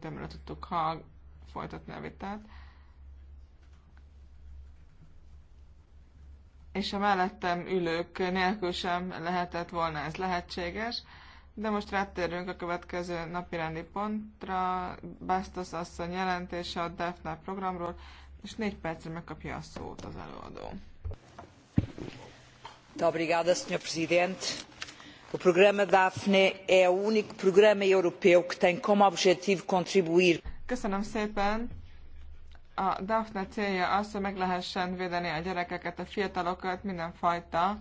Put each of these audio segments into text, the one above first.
tömről tudtuk ha folytatni a vitát. És a mellettem ülők nélkül sem lehetett volna ez lehetséges, de most rátérünk a következő napi rendi pontra. Bastos asszony jelentése a DEFNA programról, és négy percre megkapja a szót az előadó. Obrigada, Sr. Presidente o programa daphne é o único programa europeu que tem como objetivo contribuir. Köszönöm szépen. A Daphne célja az, hogy meg lehessen védeni a gyerekeket, a fiatalokat mindenfajta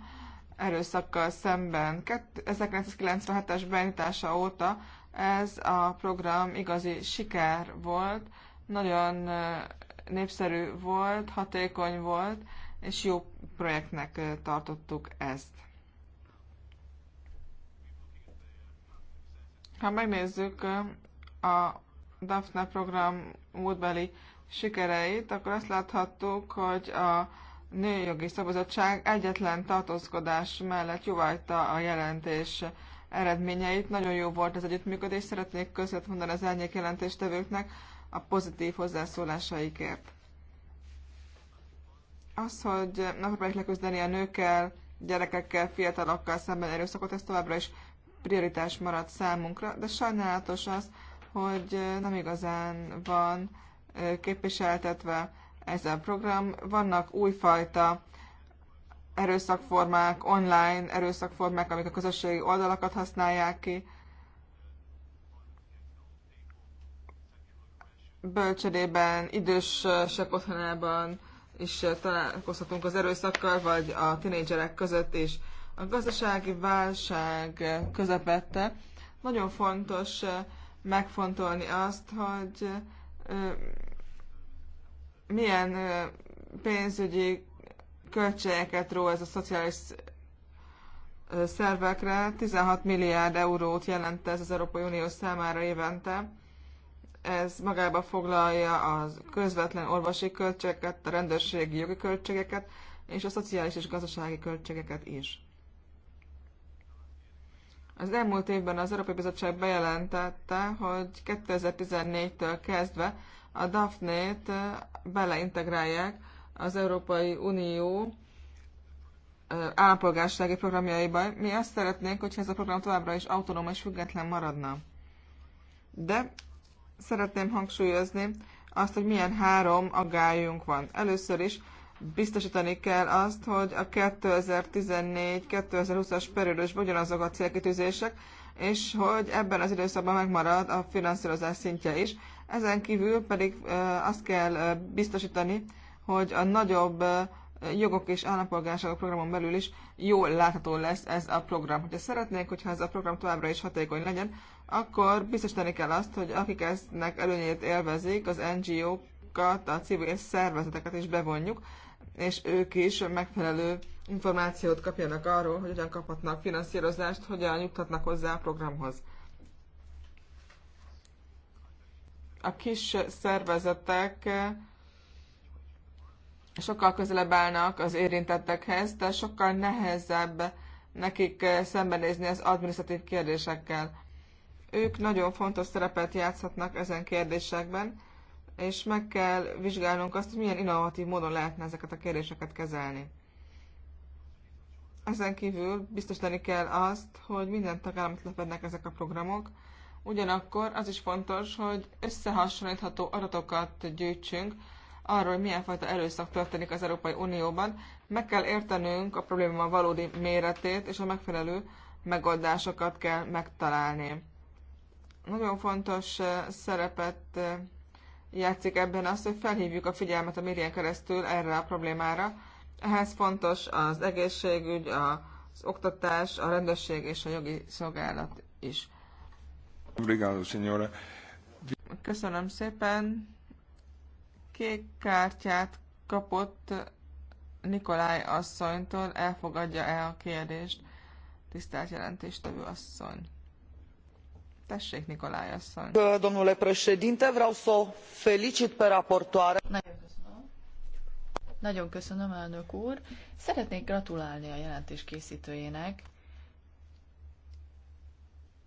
erőszakkal szemben. 1997-es beindítása óta ez a program igazi siker volt, nagyon népszerű volt, hatékony volt, és jó projektnek tartottuk ezt. Ha megnézzük a DAFNE program múltbeli sikereit, akkor azt láthattuk, hogy a Nőjogi Szabadság egyetlen tartózkodás mellett jóvágyta a jelentés eredményeit. Nagyon jó volt az együttműködés, szeretnék köszönet mondani az elnyék jelentéstevőknek a pozitív hozzászólásaikért. Az, hogy nem próbáljuk leküzdeni a nőkkel, gyerekekkel, fiatalokkal szemben erőszakot, ez továbbra is prioritás maradt számunkra, de sajnálatos az, hogy nem igazán van képviseltetve ez a program. Vannak újfajta erőszakformák, online erőszakformák, amik a közösségi oldalakat használják ki. Bölcsödében, idősek otthonában is találkozhatunk az erőszakkal, vagy a tinédzserek között is a gazdasági válság közepette nagyon fontos megfontolni azt, hogy milyen pénzügyi költségeket ró ez a szociális szervekre. 16 milliárd eurót jelent ez az Európai Unió számára évente. Ez magába foglalja a közvetlen orvosi költségeket, a rendőrségi jogi költségeket és a szociális és gazdasági költségeket is. Az elmúlt évben az Európai Bizottság bejelentette, hogy 2014-től kezdve a Daphne-t beleintegrálják az Európai Unió állampolgársági programjaiba. Mi azt szeretnénk, hogyha ez a program továbbra is autonóm és független maradna. De szeretném hangsúlyozni azt, hogy milyen három aggályunk van. Először is biztosítani kell azt, hogy a 2014-2020-as periódusban ugyanazok a célkitűzések, és hogy ebben az időszakban megmarad a finanszírozás szintje is. Ezen kívül pedig azt kell biztosítani, hogy a nagyobb jogok és állampolgárságok programon belül is jól látható lesz ez a program. Hogyha szeretnénk, hogyha ez a program továbbra is hatékony legyen, akkor biztosítani kell azt, hogy akik ezt előnyét élvezik, az NGO-kat, a civil szervezeteket is bevonjuk, és ők is megfelelő információt kapjanak arról, hogy hogyan kaphatnak finanszírozást, hogyan juthatnak hozzá a programhoz. A kis szervezetek eh, sokkal közelebb állnak az érintettekhez, de sokkal nehezebb nekik eh, szembenézni az adminisztratív kérdésekkel. Ők nagyon fontos szerepet játszhatnak ezen kérdésekben, és meg kell vizsgálnunk azt, hogy milyen innovatív módon lehetne ezeket a kérdéseket kezelni. Ezen kívül biztosítani kell azt, hogy minden tagállamot lefednek ezek a programok, ugyanakkor az is fontos, hogy összehasonlítható adatokat gyűjtsünk arról, hogy milyen fajta erőszak történik az Európai Unióban. Meg kell értenünk a probléma valódi méretét, és a megfelelő megoldásokat kell megtalálni. Nagyon fontos eh, szerepet eh, játszik ebben az, hogy felhívjuk a figyelmet a médián keresztül erre a problémára. Ehhez fontos az egészségügy, az oktatás, a rendőrség és a jogi szolgálat is. Köszönöm szépen. Kék kártyát kapott Nikolaj asszonytól. Elfogadja el a kérdést. Tisztelt jelentéstevő asszony. Tessék, Nikolaj asszony. Domnule președinte, vreau să felicit pe raportoare. Nagyon köszönöm. Nagyon köszönöm, elnök úr. Szeretnék gratulálni a jelentés készítőjének.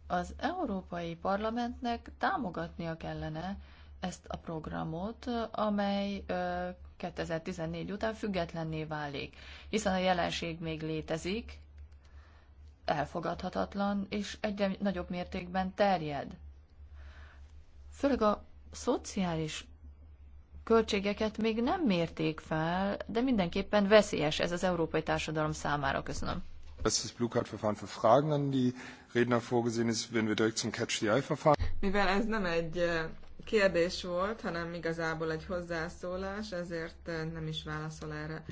Az Európai Parlamentnek támogatnia kellene ezt a programot, amely 2014 után függetlenné válik, hiszen a jelenség még létezik, elfogadhatatlan, és egyre nagyobb mértékben terjed. Főleg a szociális költségeket még nem mérték fel, de mindenképpen veszélyes ez az európai társadalom számára. Köszönöm. Ez az Blue Card Verfahren für Fragen an die Redner vorgesehen ist, wenn wir direkt zum Catch the Eye Verfahren. Mivel ez nem egy kérdés volt, hanem igazából egy hozzászólás, ezért nem is válaszol erre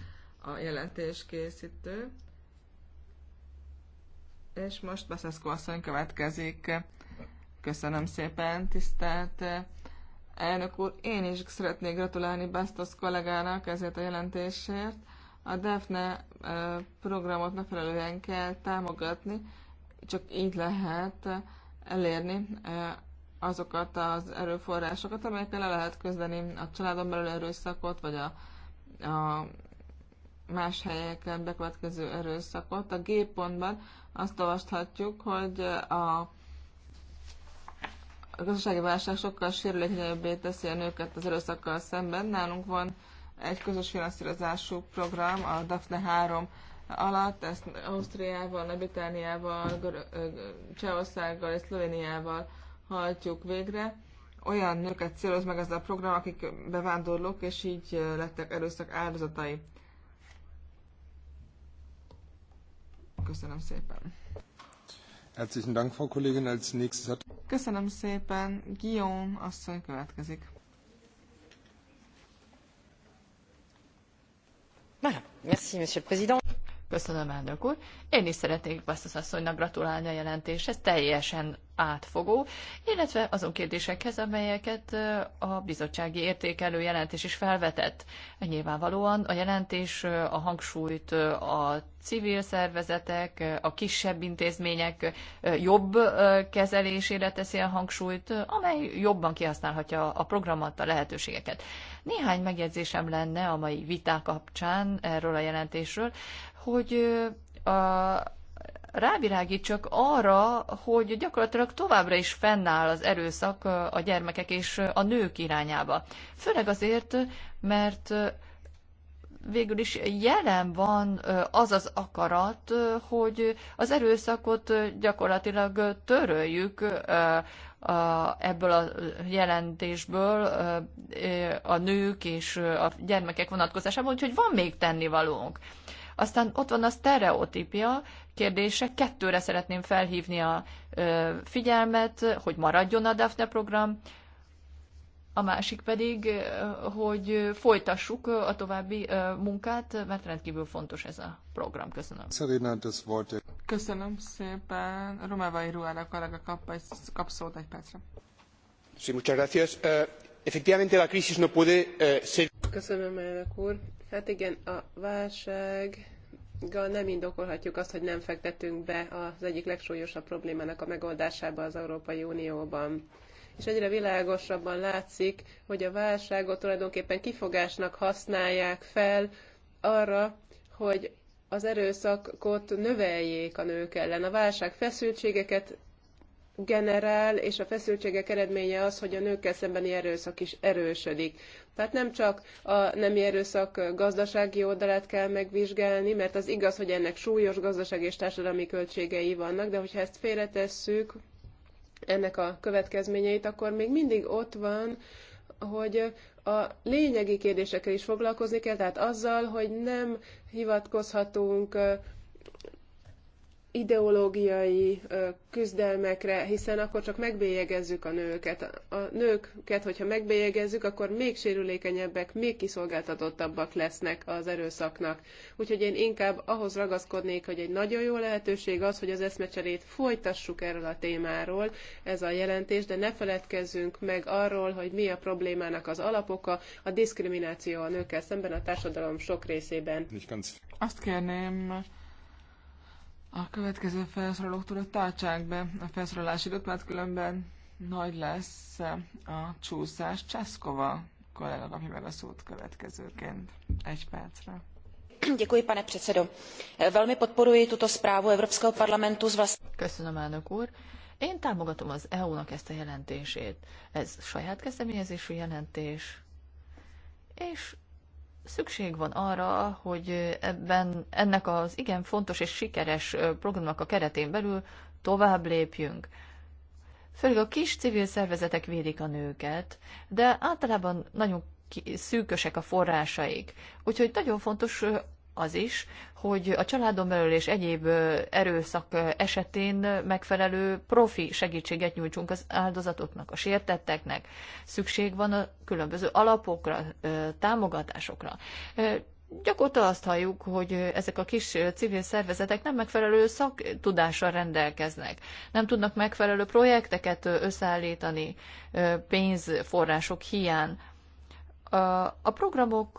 a jelentés készítő. És most Baszeszko asszony következik. Köszönöm szépen, tisztelt eh, elnök úr. Én is szeretnék gratulálni Bastos kollégának ezért a jelentésért. A DEFNE eh, programot megfelelően kell támogatni, csak így lehet eh, elérni azokat az erőforrásokat, amelyekkel le lehet közdeni a családon belül erőszakot, vagy a, a más helyeken bekövetkező erőszakot. A G pontban azt olvashatjuk, hogy a a gazdasági válság sokkal sérülékenyebbé teszi a nőket az erőszakkal szemben. Nálunk van egy közös finanszírozású program a DAFNE 3 alatt, ezt Ausztriával, Nagy-Britániával, Csehországgal és Szlovéniával hajtjuk végre. Olyan nőket céloz meg ez a program, akik bevándorlók, és így lettek erőszak áldozatai. Köszönöm szépen. Herzlichen Dank, Frau Kollegin. Als nächstes hat... Köszönöm szépen. Guillaume asszony következik. Voilà. Merci, Monsieur le Président. Köszönöm, elnök úr. Én is szeretnék Basszus asszonynak gratulálni a jelentéshez, teljesen átfogó, illetve azon kérdésekhez, amelyeket a bizottsági értékelő jelentés is felvetett. Nyilvánvalóan a jelentés a hangsúlyt a civil szervezetek, a kisebb intézmények jobb kezelésére teszi a hangsúlyt, amely jobban kihasználhatja a programmat, a lehetőségeket. Néhány megjegyzésem lenne a mai vita kapcsán erről a jelentésről hogy a, rávilágítsak arra, hogy gyakorlatilag továbbra is fennáll az erőszak a gyermekek és a nők irányába. Főleg azért, mert végül is jelen van az az akarat, hogy az erőszakot gyakorlatilag töröljük ebből a jelentésből a nők és a gyermekek vonatkozásában, úgyhogy van még tennivalónk. Aztán ott van a sztereotípia kérdése. Kettőre szeretném felhívni a figyelmet, hogy maradjon a DAFNE program, a másik pedig, hogy folytassuk a további munkát, mert rendkívül fontos ez a program. Köszönöm. Köszönöm szépen. Romávai Ruára kollega kap, kap szót egy percre. Sí, muchas gracias. Eh, efectivamente la crisis no puede eh, ser... Köszönöm, elnök úr Hát igen, a válság nem indokolhatjuk azt, hogy nem fektetünk be az egyik legsúlyosabb problémának a megoldásába az Európai Unióban. És egyre világosabban látszik, hogy a válságot tulajdonképpen kifogásnak használják fel arra, hogy az erőszakot növeljék a nők ellen. A válság feszültségeket generál, és a feszültségek eredménye az, hogy a nőkkel szembeni erőszak is erősödik. Tehát nem csak a nemi erőszak gazdasági oldalát kell megvizsgálni, mert az igaz, hogy ennek súlyos gazdasági és társadalmi költségei vannak, de hogyha ezt félretesszük, ennek a következményeit, akkor még mindig ott van, hogy a lényegi kérdésekkel is foglalkozni kell, tehát azzal, hogy nem hivatkozhatunk ideológiai küzdelmekre, hiszen akkor csak megbélyegezzük a nőket. A nőket, hogyha megbélyegezzük, akkor még sérülékenyebbek, még kiszolgáltatottabbak lesznek az erőszaknak. Úgyhogy én inkább ahhoz ragaszkodnék, hogy egy nagyon jó lehetőség az, hogy az eszmecserét folytassuk erről a témáról, ez a jelentés, de ne feledkezzünk meg arról, hogy mi a problémának az alapoka, a diszkrimináció a nőkkel szemben a társadalom sok részében. Azt kérném, a következő felszólalóktól tartsák be a felszólalási időt, mert különben nagy lesz a csúszás. Cseszkova kollega kapja meg a szót következőként. Egy percre. Děkuji, pane předsedo. Velmi podporuji tuto zprávu Evropského parlamentu z vlast... Köszönöm, elnök úr. Én támogatom az EU-nak ezt a jelentését. Ez saját kezdeményezésű jelentés, és szükség van arra, hogy ebben ennek az igen fontos és sikeres programnak a keretén belül tovább lépjünk. Főleg a kis civil szervezetek védik a nőket, de általában nagyon szűkösek a forrásaik. Úgyhogy nagyon fontos az is, hogy a családon belül és egyéb erőszak esetén megfelelő profi segítséget nyújtsunk az áldozatoknak, a sértetteknek. Szükség van a különböző alapokra, támogatásokra. Gyakorta azt halljuk, hogy ezek a kis civil szervezetek nem megfelelő szaktudással rendelkeznek, nem tudnak megfelelő projekteket összeállítani pénzforrások hiány. A programok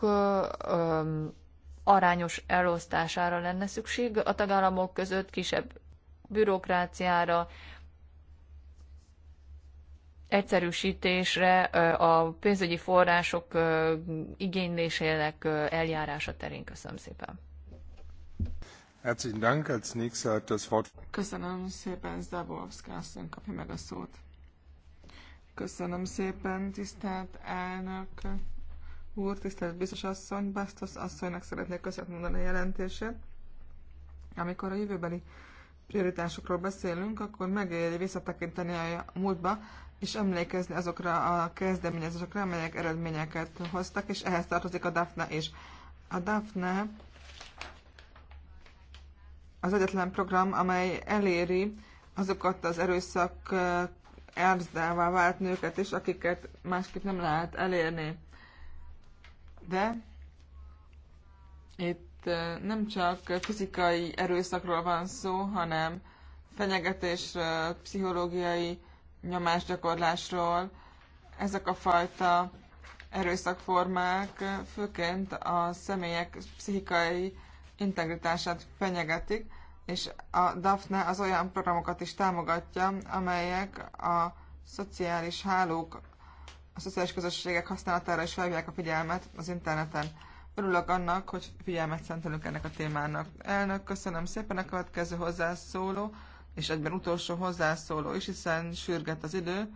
arányos elosztására lenne szükség a tagállamok között, kisebb bürokráciára, egyszerűsítésre, a pénzügyi források igénylésének eljárása terén. Köszönöm szépen. Köszönöm szépen, Zdabovszka, aztán kapja meg a szót. Köszönöm szépen, tisztelt elnök úr, tisztelt biztos asszony, Bastos asszonynak szeretnék köszönet mondani a jelentését. Amikor a jövőbeli prioritásokról beszélünk, akkor megéri visszatekinteni a múltba, és emlékezni azokra a kezdeményezésekre, amelyek eredményeket hoztak, és ehhez tartozik a Daphne is. A Daphne az egyetlen program, amely eléri azokat az erőszak erzdává eh, vált nőket is, akiket másképp nem lehet elérni de itt nem csak fizikai erőszakról van szó, hanem fenyegetésről, pszichológiai nyomásgyakorlásról. Ezek a fajta erőszakformák főként a személyek pszichikai integritását fenyegetik, és a DAFNE az olyan programokat is támogatja, amelyek a szociális hálók a szociális közösségek használatára is felhívják a figyelmet az interneten. Örülök annak, hogy figyelmet szentelünk ennek a témának. Elnök, köszönöm szépen a következő hozzászóló, és egyben utolsó hozzászóló is, hiszen sürget az idő,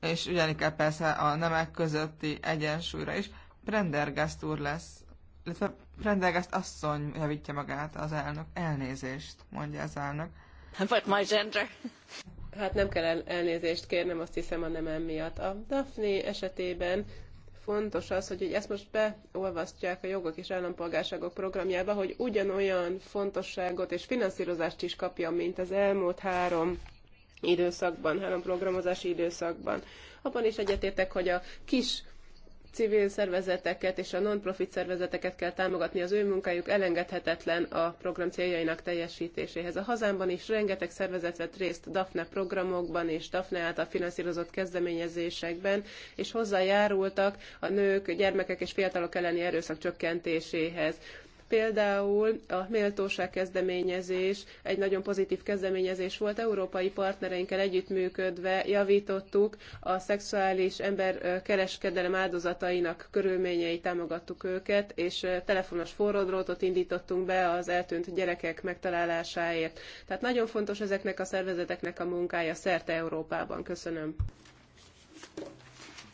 és ugyanígy kell persze a nemek közötti egyensúlyra is. Prendergast úr lesz, illetve Prendergast asszony javítja magát az elnök. Elnézést, mondja az elnök. But my gender hát nem kell elnézést kérnem, azt hiszem a nem miatt. A Daphne esetében fontos az, hogy ezt most beolvasztják a jogok és állampolgárságok programjába, hogy ugyanolyan fontosságot és finanszírozást is kapja, mint az elmúlt három időszakban, három programozási időszakban. Abban is egyetértek, hogy a kis civil szervezeteket és a non-profit szervezeteket kell támogatni, az ő munkájuk elengedhetetlen a program céljainak teljesítéséhez. A hazámban is rengeteg szervezet vett részt DAFNE programokban és DAFNE által finanszírozott kezdeményezésekben, és hozzájárultak a nők, gyermekek és fiatalok elleni erőszak csökkentéséhez Például a méltóság kezdeményezés egy nagyon pozitív kezdeményezés volt. Európai partnereinkkel együttműködve javítottuk a szexuális ember kereskedelem áldozatainak körülményei, támogattuk őket, és telefonos forrodrótot indítottunk be az eltűnt gyerekek megtalálásáért. Tehát nagyon fontos ezeknek a szervezeteknek a munkája szerte Európában. Köszönöm.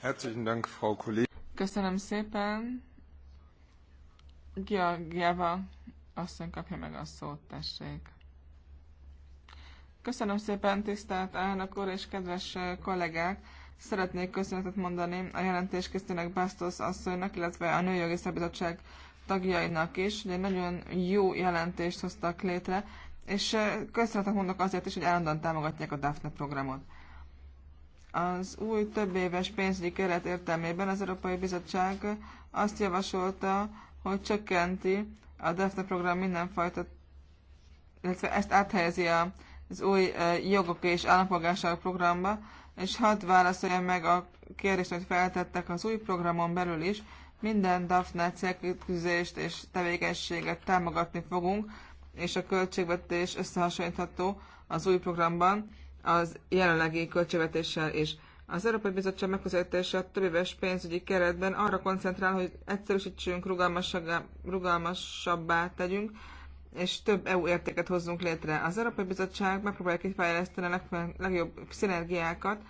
Herzlichen Dank, Frau Kollegin. Köszönöm szépen. Georgieva asszony kapja meg a szót, tessék. Köszönöm szépen, tisztelt elnök úr és kedves kollégák! Szeretnék köszönetet mondani a jelentés jelentéskészítőnek Bastos asszonynak, illetve a Nőjogi Szabizottság tagjainak is, hogy egy nagyon jó jelentést hoztak létre, és köszönetet mondok azért is, hogy állandóan támogatják a DAFNE programot. Az új többéves pénzügyi keret értelmében az Európai Bizottság azt javasolta, hogy csökkenti a DEFNE program mindenfajta, illetve ezt áthelyezi az új jogok és állampolgárság programba, és hadd válaszolja meg a kérdést, amit feltettek az új programon belül is, minden DAFNE célkütőzést és tevékenységet támogatni fogunk, és a költségvetés összehasonlítható az új programban az jelenlegi költségvetéssel is. Az Európai Bizottság megközelítése a éves pénzügyi keretben arra koncentrál, hogy egyszerűsítsünk, rugalmasabbá tegyünk, és több EU értéket hozzunk létre. Az Európai Bizottság megpróbálja kifejleszteni a legjobb szinergiákat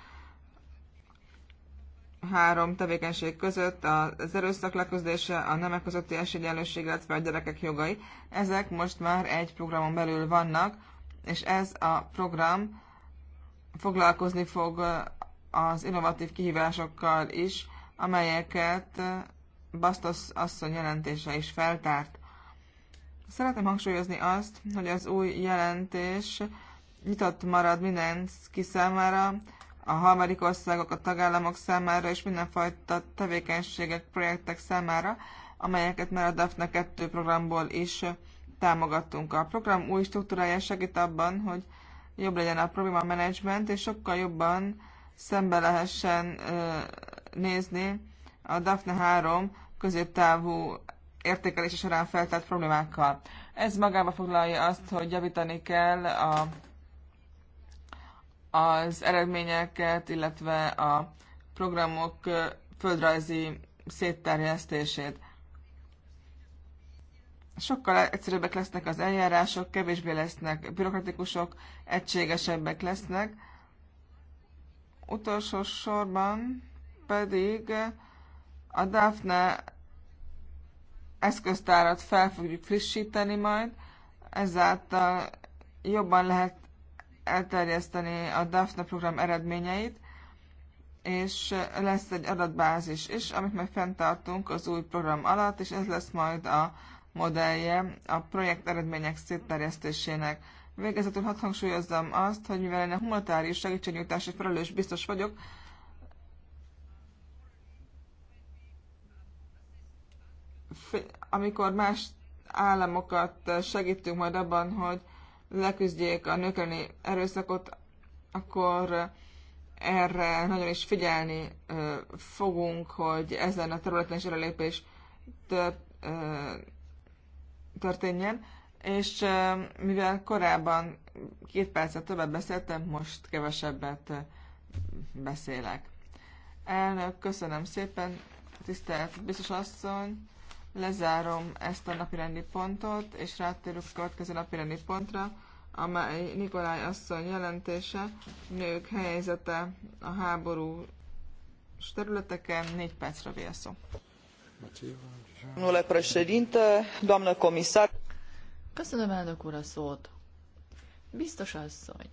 három tevékenység között, az erőszak leküzdése, a nemek közötti esélyegyenlőség, illetve a gyerekek jogai. Ezek most már egy programon belül vannak, és ez a program foglalkozni fog az innovatív kihívásokkal is, amelyeket Bastos asszony jelentése is feltárt. Szeretném hangsúlyozni azt, hogy az új jelentés nyitott marad minden számára, a harmadik országok, a tagállamok számára és mindenfajta tevékenységek, projektek számára, amelyeket már a DAFNE 2 programból is támogattunk. A program új struktúrája segít abban, hogy jobb legyen a probléma menedzsment, és sokkal jobban szembe lehessen nézni a Daphne 3 középtávú értékelése során feltett problémákkal. Ez magába foglalja azt, hogy javítani kell a, az eredményeket, illetve a programok földrajzi szétterjesztését. Sokkal egyszerűbbek lesznek az eljárások, kevésbé lesznek bürokratikusok, egységesebbek lesznek, utolsó sorban pedig a Daphne eszköztárat fel fogjuk frissíteni majd, ezáltal jobban lehet elterjeszteni a Daphne program eredményeit, és lesz egy adatbázis is, amit majd fenntartunk az új program alatt, és ez lesz majd a modellje a projekt eredmények szétterjesztésének. Végezetül hadd hangsúlyozzam azt, hogy mivel én a humanitárius segítségnyújtási felelős biztos vagyok, amikor más államokat segítünk majd abban, hogy leküzdjék a nőkeni erőszakot, akkor erre nagyon is figyelni fogunk, hogy ezen a területen is több, történjen, és mivel korábban két percet többet beszéltem, most kevesebbet beszélek. Elnök, köszönöm szépen, tisztelt biztos asszony, lezárom ezt a napirendi pontot, és rátérünk a következő napirendi pontra, amely Nikolaj asszony jelentése, nők helyzete a háború területeken, négy percre vél szó. Köszönöm elnök úr a szót. Biztos asszony,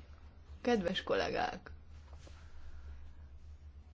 kedves kollégák,